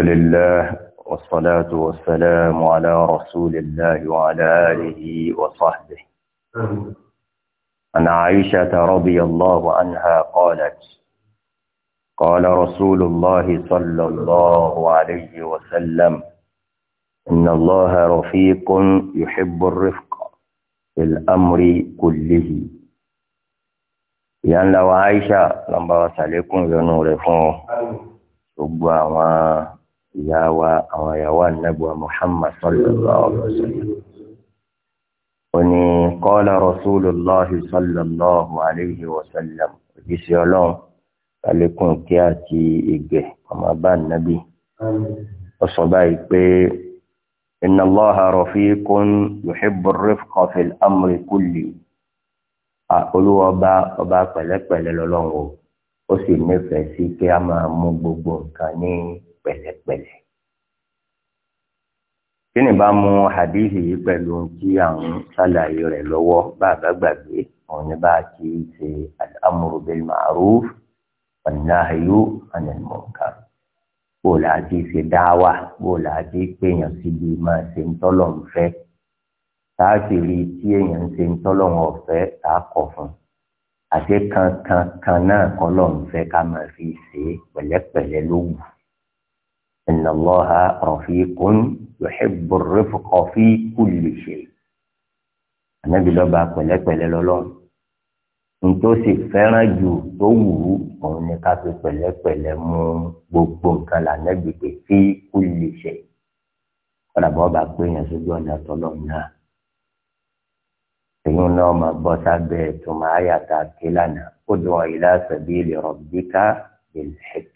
لله والصلاة والسلام على رسول الله وعلى آله وصحبه أن عائشة رضي الله عنها قالت قال رسول الله صلى الله عليه وسلم إن الله رفيق يحب الرفق في الأمر كله يعني لو عائشة لما عليكم ذنور فوق gbogbo ìyá wa àwọn ìyàwó anábùwà Muhammad sallallahu alaihi wa sallam. Oni qala Rasulullahi sallallahu alaihi wa sallam òjíṣẹ́ ọlọ́run alekun kí àti ìgbẹ́ ọmọ bá nàbí. Ó sọ báyìí pé inna Allaha rafiqun yuhibbu rifqa fil amri kulli. Olúwa ọba pẹ̀lẹ́pẹ̀lẹ́ lọ́lọ́run ó sì nífẹ̀ẹ́ sí kí a máa mú gbogbo nǹkan ní pẹ̀lẹ́pẹ̀lẹ́ kí ni bá mú hadithi yìí pẹ̀lú tí à ń ṣàlàyé rẹ̀ lọ́wọ́ bàbá gbàgbé òun ni bá a ti ṣe al-amru bil ma'ruf wan-nahyu 'anil munkar bó o là ti ṣe dáwà bó o là ti pèèyàn síbi máa ṣe ń tọ́lọ̀ ń fẹ́ tá tí èèyàn ń ṣe ń tọ́lọ̀ ń ọ̀fẹ́ tá fún àti kankan kan náà kọ́ lọ́n fẹ́ ká máa fi ṣe pẹ̀lẹ́pẹ̀lẹ́ ló inna Allaha rafiqun yuhibbu rifqa fi kulli shay ànábì lọ́ba pẹ̀lẹ́pẹ̀lẹ́ lọ́lọ́run nítòsí fẹ́ràn jù tó wù ú òun ni ká fi pẹ̀lẹ́pẹ̀lẹ́ mú gbogbo nǹkan lànàbì pé fi kulli shay kọ́dà bọ́ bá pé yẹn sójú ọ̀nà tọ́lọ́ náà èyí náà máa bọ́ sábẹ́ tó máa yàtà ké lánàá ó dùn ọ̀ ila sabili rabbika bil hikma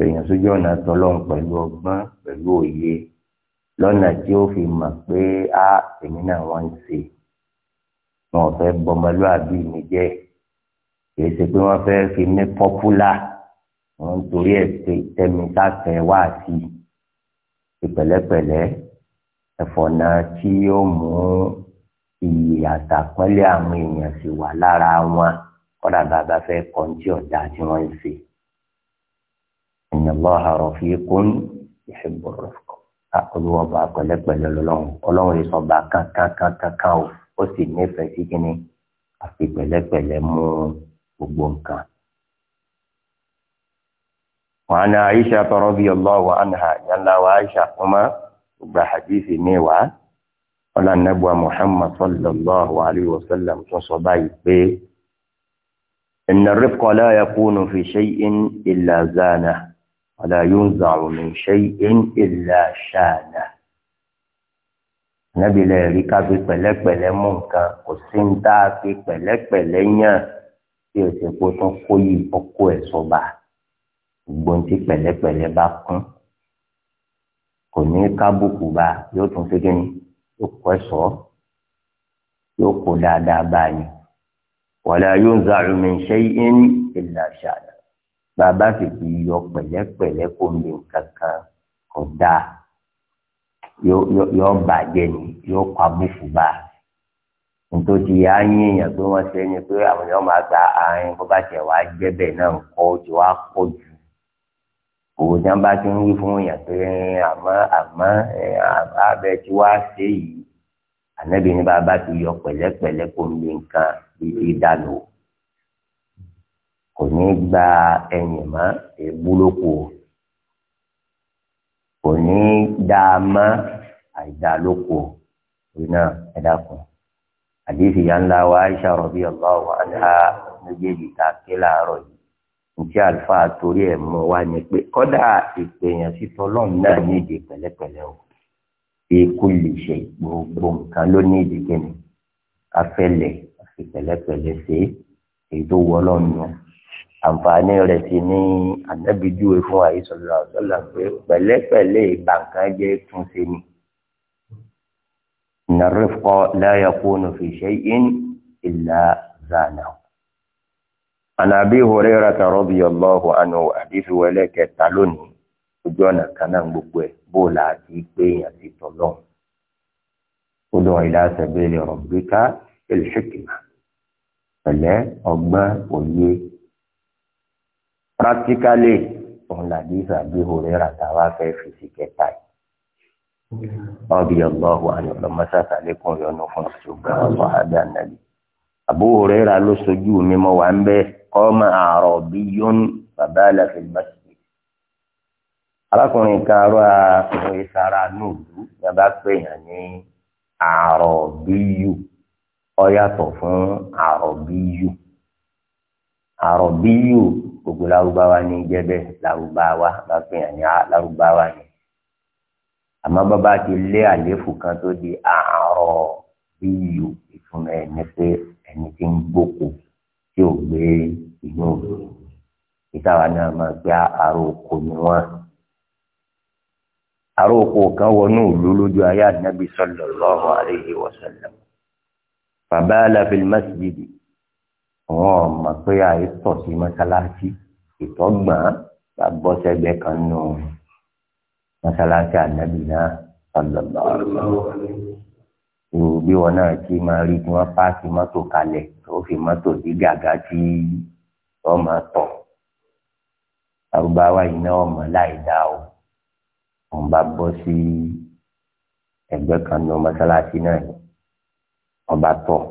èèyàn sójú ọ̀nà tọlọ́run pẹ̀lú ọgbọ́n pẹ̀lú òye lọ́nà tí ó fi mọ̀ pé a èmi náà wọ́n ń ṣe wọn ò fẹ́ bọmọlúàbí mi jẹ́ kì í ṣe pé wọ́n fẹ́ fi mí pọ́púlà wọ́n ń torí ẹ̀ pé tẹ́mi sáfẹ́ wá sí i pẹ̀lẹ́pẹ̀lẹ́ ẹ̀fọ̀nà tí yóò mú iyì àtàpọ́nlé àwọn èèyàn sì wà lára wọn kọ́dà bàbá fẹ́ kọ́ ọ̀dà tí wọ́n ń ṣe inna Allaha rafiqun yuhibbu rifq olúwa bá pẹ̀lẹ́pẹ̀lẹ́ lọ́lọ́run ọlọ́run yìí sọba kankankankan o ó sì nífẹ̀ẹ́ sí kíni àfi pẹ̀lẹ́pẹ̀lẹ́ mú gbogbo nǹkan. وعن عائشة رضي الله عنها يلا وعائشة أما بحديث ميوى قال النبوة محمد صلى الله عليه وسلم تصبعي به إن الرفق لا يكون في شيء إلا زانه wala yunza'u min shay'in illa sha'na. Ànábìlẹ̀ rí ká fi pẹ̀lẹ́pẹ̀lẹ́ mú nǹkan kò sí ń dá fi pẹ̀lẹ́pẹ̀lẹ́ yàn tí o ti kó tán kó yìí ọkọ ẹ̀ sọ́ba. Gbogbo ti pẹ̀lẹ́pẹ̀lẹ́ bá kún. Kò ní kábùkù bá yóò tún fi kíni yóò kọ́ ẹ̀ sọ́ yóò kó dáadáa báyìí. wala yunza'u min shay'in illa sha'na bàbá sì ti yọ pẹ̀lẹ́pẹ̀lẹ́ kó mi kankan kò dáa yọ bàjẹ́ ni yọ kọ abúkù bá a nítorí yà á yín èèyàn pé wọ́n ṣe é ni pé àwọn èèyàn máa gba àárín bó bá tiẹ̀ wá jẹ́ bẹ́ẹ̀ náà kọ́ ju wá pọ̀ jù òwò tí wọ́n bá ti ń wí fún èèyàn pé àmọ́ àmọ́ abẹ tí wàá ṣe yìí ànábìíní bàbá ti yọ pẹ̀lẹ́pẹ̀lẹ́ kó ń nǹkan bíi dànù kò ní gba ẹ̀yìn mọ́ èbúlòkù kò ní dá a mọ́ àìdálòkù orí náà ẹ dákun àdéhùn ìyá ńlá wa Aisha radiyallahu anha méjèèjì tá a ké láàárọ̀ yìí nítí àlùfáà torí ẹ̀ mú wa ni pé kọ́dà ìpèèyàn sísọ lọ́run náà ní èdè pẹ̀lẹ́pẹ̀lẹ́ o ṣe lè ṣe gbogbo nǹkan ló ní èdè kẹ́ni afẹ́lẹ̀ àti pẹ̀lẹ́pẹ̀lẹ́ ṣe èyí tó wọ àǹfààní rẹ̀ sì ní ànábìjúwe fún àyíṣọ́lá ọ̀sọ́là pé pẹ̀lẹ́pẹ̀lẹ́ ìbànkàn jẹ́ túnṣe ni. nàrífọ́ láyà kúnnù fi ṣe in ìlà zànà. ànàbí horera tàrọ́ bí ọlọ́hùn àná àdífi wẹlé kẹta lónìí ojú ọ̀nà kan náà gbogbo ẹ̀ bóòlà àti pé èèyàn ti tọ̀lọ́. ó dùn ìlà sẹ̀bẹ̀lẹ̀ ọ̀gbẹ́ká ìlú ṣèkìmà pẹ̀lẹ́ ọgbọ́n òye practically òun làdí ìsàbí òrẹ́rà táwa fẹ́ fèsì kẹta yìí ọbí ọlọ́hu àyọ̀lọ́ mọ́sáàtà lẹ́kùn yọnu fún ṣùgbọ́n ọ̀sán àbí ànàbí. Abu Huraira ló sojú mi mọ́ wà ń bẹ́ qama arabiyyun fabala fil masjid. arákùnrin kan àwọn ìsara nùdú ni a bá pè yàn ní àrọ̀bíyù ó yàtọ̀ fún àrọ̀bíyù àrọ̀bíyù gbogbo lárúbáwá ní jẹ́bẹ̀ lárúbáwá bá pè yàn ní lárúbáwá ni àmọ́ bàbá ti lé àléfù kan tó di àárọ̀ bíyù ìfúnra ẹni pé ẹni tí ń gbóko tí ò gbé inú ìtawà náà máa gbé àárọ̀ oko ni wọ́n àárọ̀ oko kan wọnú ìlú lójú ayé ànábì sallallahu alaihi wasallam fabala fil masjidi wọn ò mọ̀ pé àìsàn sí mọ́sálásí ìtọ́gbọ̀n bá bọ́ sẹ́gbẹ́ kan nù mọ́sálásí ànábì náà ọ̀lọ́lọ́ ìwò bí wọn náà ti máa rí tí wọ́n páàkì mọ́tò kalẹ̀ tó fi mọ́tò sí gàgá tí wọ́n máa tọ̀ arúgbáwá yìí náà ọmọ láì dá o òun bá bọ́ sí ẹgbẹ́ kan nù mọ́sálásí náà ọba tọ̀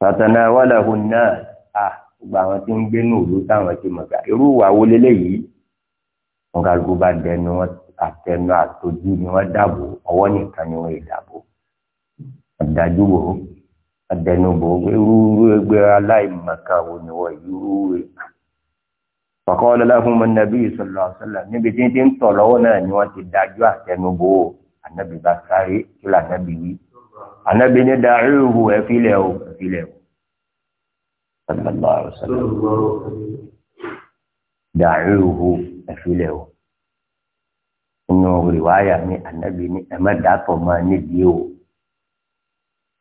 tàtànà wàlàhù náà à gbogbo àwọn tí ń gbé ní òru táwọn ti mọ̀ ká irú ìwà wo leléyìí wọn ká gbogbo àdẹnu wọn àtẹnu àtọjú ni wọn dàbò ọwọ́ nìkan ni wọn ìdàbò àdájú wo àdẹnu bò irú ẹgbẹ aláìmọ̀ká wo ni wọn irú ẹgbẹ fàkọ́ọ́lẹ́ láfún mọ́nàbí ìsọ̀lọ́ ọ̀sọ́lọ́ níbi tí ń tọ̀ lọ́wọ́ náà ni wọ́n ti dájú àtẹnubó ànábì bá sáré kí lànábì wí ànábi ní dàrúhù ẹ filẹ̀ o filẹ̀ o sallallahu alaihi wasallam dàrúhù ẹ filẹ̀ o inú rìwáyà ní ànábi ní ẹ má dàtọ̀ máa nídìí o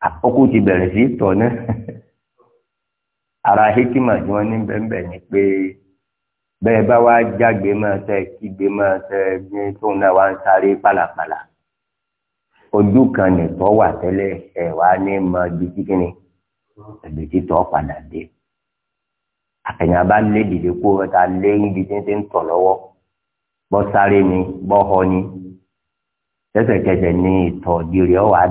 àkókò ti bẹ̀rẹ̀ sí tọ̀ náà ara hikima tí wọ́n ní bẹ́ẹ̀ ni pé bẹ́ẹ̀ bá wá jágbe máa tẹ kígbe máa tẹ ní tóun náà wá ń sáré pàlàpàlà. ojú kan nìtọ́ wà tẹ́lẹ̀ ẹ̀ wá ní ma ju kíkíni ẹ̀bẹ̀ títọ́ padà dé àkànyà bá lé dìde kó ta lé níbi tí ń tọ̀ lọ́wọ́ bọ́ sáré ni bọ́ họ ni tẹ́sẹ̀kẹsẹ̀ ní ìtọ̀ ìdírí ọ̀ wá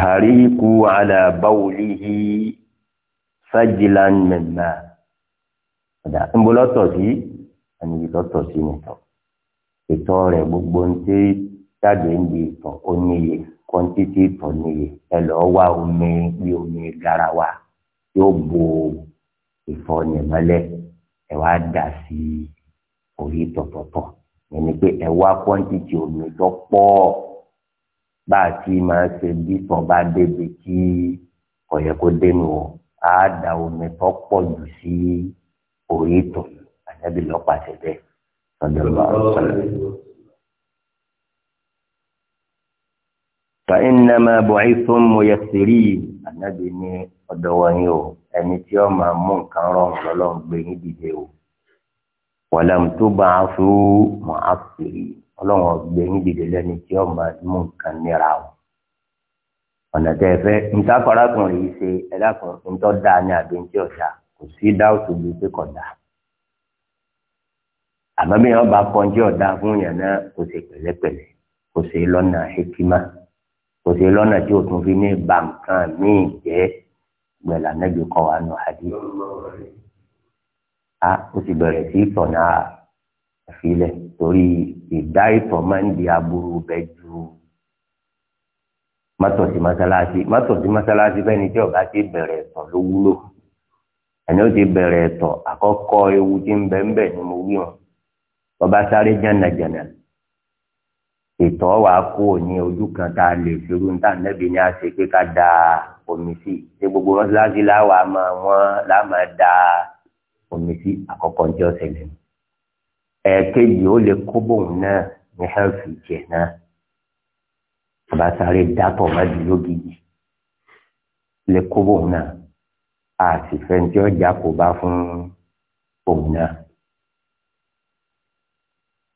hariku ala bawulihi sajilan mẹ́ta ọ̀dà ńbọ́lọ́tọ̀ sí àníbi lọ́tọ̀ sí nìtọ̀ ìtọ̀ rẹ̀ gbogbo ń tẹ́ jáde ń di ìtọ̀ ó níye kọ́ńtítì ìtọ̀ níye ẹ lọ́ọ́ wá omi bí omi garawa yóò bo ìfọ̀nì mọ́lẹ̀ ẹ wá dà sí orí tọ̀tọ̀tọ̀ ẹni pé ẹ wá kọ́ńtítì omi tó pọ̀ bá a ti máa ṣe bí tọ́ bá débi kí ọ̀yẹ́ kó dénú o á da omi tó pọ̀ jù sí orí ìtọ̀ àtẹ́bí lọ́pàá ṣe bẹ́ẹ̀ sọ́dọ̀ bá a sọ̀rọ̀. فإنما بعثتم ميسرين النبي ni ọ̀dọ̀ wọ̀nyí o ẹni tí ó máa mú nǹkan rọrùn lọ́lọ́run gbé yín dìde o wàlám tó bá a fún mọ́ a fèrè ọlọ́run ọ̀gbẹ́ ń dìde lẹ́ni tí ó máa mú nǹkan nira o ọ̀nà tẹ́ ẹ fẹ́ ntakọ̀rákùnrin yìí ṣe ẹ dákun ntọ́ dáa ní àbẹ̀ntí ọ̀dà kò sí dáwùtò bíi pé kọ̀ dáa àmọ́ bí wọ́n bá kọjọ́ ọ̀dà fún yàn náà kò ṣe pẹ̀lẹ́pẹ̀lẹ́ kò ṣe lọ́nà hekima kò ṣe lọ́nà tí o tún fi ní bàǹkan míì jẹ́ gbẹ̀là nẹ́bí nù hadith a ó ti bẹ̀rẹ̀ sí ìtọ̀nà àfilẹ̀ torí ìdá ìtọ̀ máa ń di aburú bẹ ju mọ́tò sí mọ́sálásí mọ́tò sí mọ́sálásí bẹ́ẹ̀ ni tí ọ̀gá ti bẹ̀rẹ̀ ẹ̀tọ̀ ló wúlò ẹni ó ti bẹ̀rẹ̀ ẹ̀tọ̀ àkọ́kọ́ ewu tí ń bẹ ń bẹ ni mo wí hàn bọ́bá sáré jànàjànà ìtọ̀ wà kó ní ojú kan tá a lè ṣerú ní tàǹdẹ́bí ni a ṣe pé ká da omi sí ṣé gbogbo mọ́sálásí láwa máa wọ́n láà máa da omi sí àkọ́kọ́ ọjọ́ ṣẹlẹ̀ ni ẹ̀ẹ̀kejì ó lè kó bóun náà ní hẹ́ẹ̀fì jẹ̀ náà bàbá sáré dátọ̀ mọ́jú lógìjì lè kó bóun náà a sì fẹ́ tí ọjà kò bá fún òun náà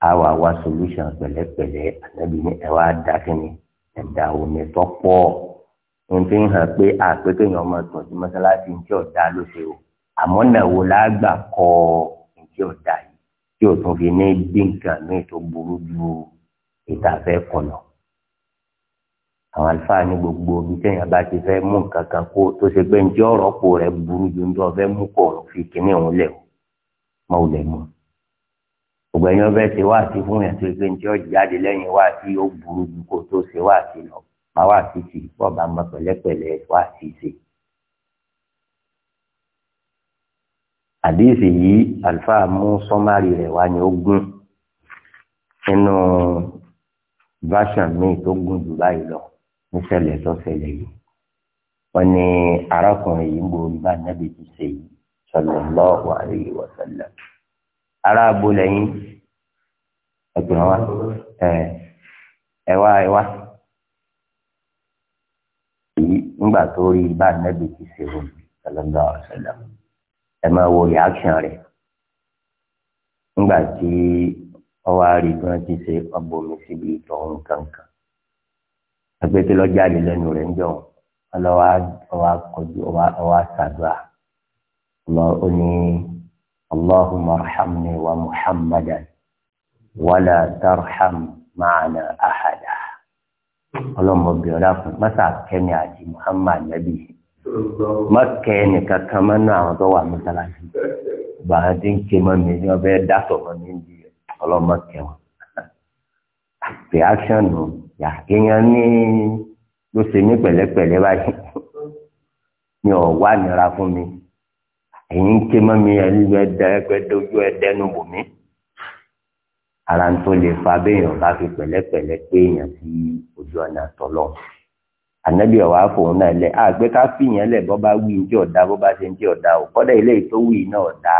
a wà wá solution pẹ̀lẹ́pẹ̀lẹ́ ànábì ní ẹ wá ẹ̀dá omi tó pọ̀ ohun tí hàn pé àpékéyàn ọmọ tọ̀jú mọ́sálásí ń tí ọ̀dá ló ṣe o àmọ́ nàwó lágbà kọ ìdí ọ̀dà yìí tí o tún fi ní bí nǹkan míì tó burú ju ìtafẹ́ kùnà. àwọn àlùfáà ní gbogbo omi téèyàn bá ti fẹ́ mú nǹkan kan kó tó ṣe pé njẹ́ ọ̀rọ̀ po rẹ̀ burú ju ní ọ̀fẹ́ mú kó òun fi kíní òun lẹ̀ o mọ́ ò lẹ̀ mú. gbogbo ẹni ọbẹ̀ ṣe wáàsí fún yàn tó ṣe njẹ́ ọ̀jáde lẹ́yìn wáàsí ó burú ju kó tó ṣe wáàsí lọ. máa wáàsí sí bọ́ọ̀ bá mọ pẹ̀lẹ́pẹ̀lẹ́ wáàsí sí i. àdéhìsì yìí àlùfáà mú sọ́márì rẹ̀ wá ní ogún nínú version míì tó gùn jù báyìí lọ níṣẹ̀lẹ̀ tó ṣẹlẹ̀ yìí wọ́n ní arákùnrin yìí ń bo ìbá nẹ́bí ti ṣe yìí sallallahu alayhi wa sallam ará abúlé yín ẹgbẹ̀rún wa ẹ wá ẹ wá yìí tó rí ìbá nẹ́bí ti ṣe yìí sallallahu alayhi wa ẹ máa wo reaction rẹ̀ nígbà tí ọwọ́ àárí bí wọ́n ti ṣe ọgbọ̀nmi síbi ìtọ̀ ohun kankan àgbẹ̀tẹ̀ lọ́jáde lẹ́nu rẹ̀ ń jọ ọlọ́wà ọwà kọjú ọwà sàdúrà lọ ní allahumma arhamni wa ولا ترحم معنا احدا. ahada ọlọ́mọbìnrin ọ̀dà fún mọ́sàkẹ́ni àti muhammad nabi má kẹ ẹnìkan kan má ná àwọn tó wà mọ́sálásí bàá ti ń ké mọ́ mi ní ọbẹ̀ dátọ̀ mọ́ mi ní ọlọ́mọ kẹwọn. reaction nù yà kéèyàn ní ló ṣe ní pẹ̀lẹ́pẹ̀lẹ́ báyìí mi ò wá nira fún mi èyí ń ké mọ́ mi ẹgbẹ́ dojú ẹ dẹnu wò mí ara ń tó lè fa béèyàn bá fi pẹ̀lẹ́pẹ̀lẹ́ pé èèyàn sí ojú ọ̀nà tọ́lọ́run ànábì ọ̀wá fòun náà lẹ̀ àgbé ká fìyàn lẹ̀ bọ́ bá wí ní ọ̀dà bó bá ṣe ní ọ̀dà ò kọ́dà ilé tó wí náà ọ̀dà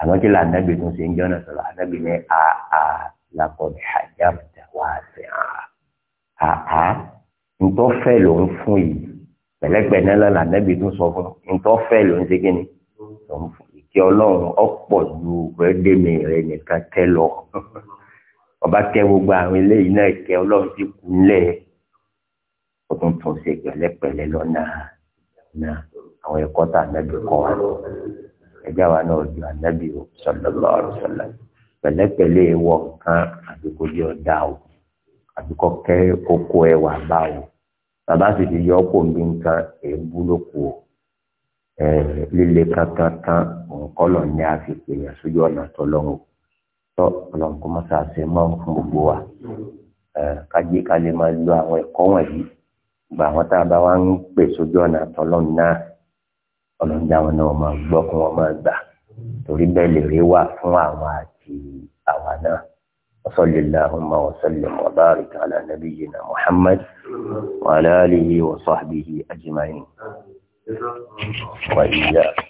àmọ́ kí là ànábì tún ṣe ń jọ́nà sọ̀rọ̀ ànábì ní àà làkọ̀dé àjàmùtà wà sí àà àà ntọ́ fẹ́ ló ń fún yìí pẹ̀lẹ́pẹ̀ náà lọ́la ànábì tún sọ fún ntọ́ fẹ́ ló ń ṣe kí ni ló ọlọ́run ọ̀pọ̀ ju rẹ́dẹ̀mí ó tún tún ṣe pẹ̀lẹ́pẹ̀lẹ́ lọ́nà náà àwọn ẹ̀kọ́ tá ànábì kọ́ wa ẹjá wa náà ju ànábì sallallahu alaihi wasallam pẹ̀lẹ́pẹ̀lẹ́ wọ kan àdúgbò jẹ́ ọ̀dà o àdúgbò kẹ́ oko ẹwà bá o bàbá sì ti yọ ọkọ mi nǹkan èébú ló kù o líle kankan kan nǹkan lọ ní àfikún yẹn sójú ọ̀nà tó lọ́wọ́ tó ọlọ́run kó má sáà ṣe máa ń fún gbogbo wa kájí ká lè máa lo àwọn ẹ̀kọ́ wọ̀nyí gbà wọn tá a bá wá ń pè sójú ọ̀nà àtọ́lọ́n náà ọlọ́run dá wọn náà máa gbọ́ kí wọ́n máa gbà torí bẹ́ẹ̀ lè rí wà fún àwọn àti àwa náà wasalilahuma wasalim wabarik ala nabiyina muhammad wa ala alihi wa sahbihi ajma'in wa iyyakum.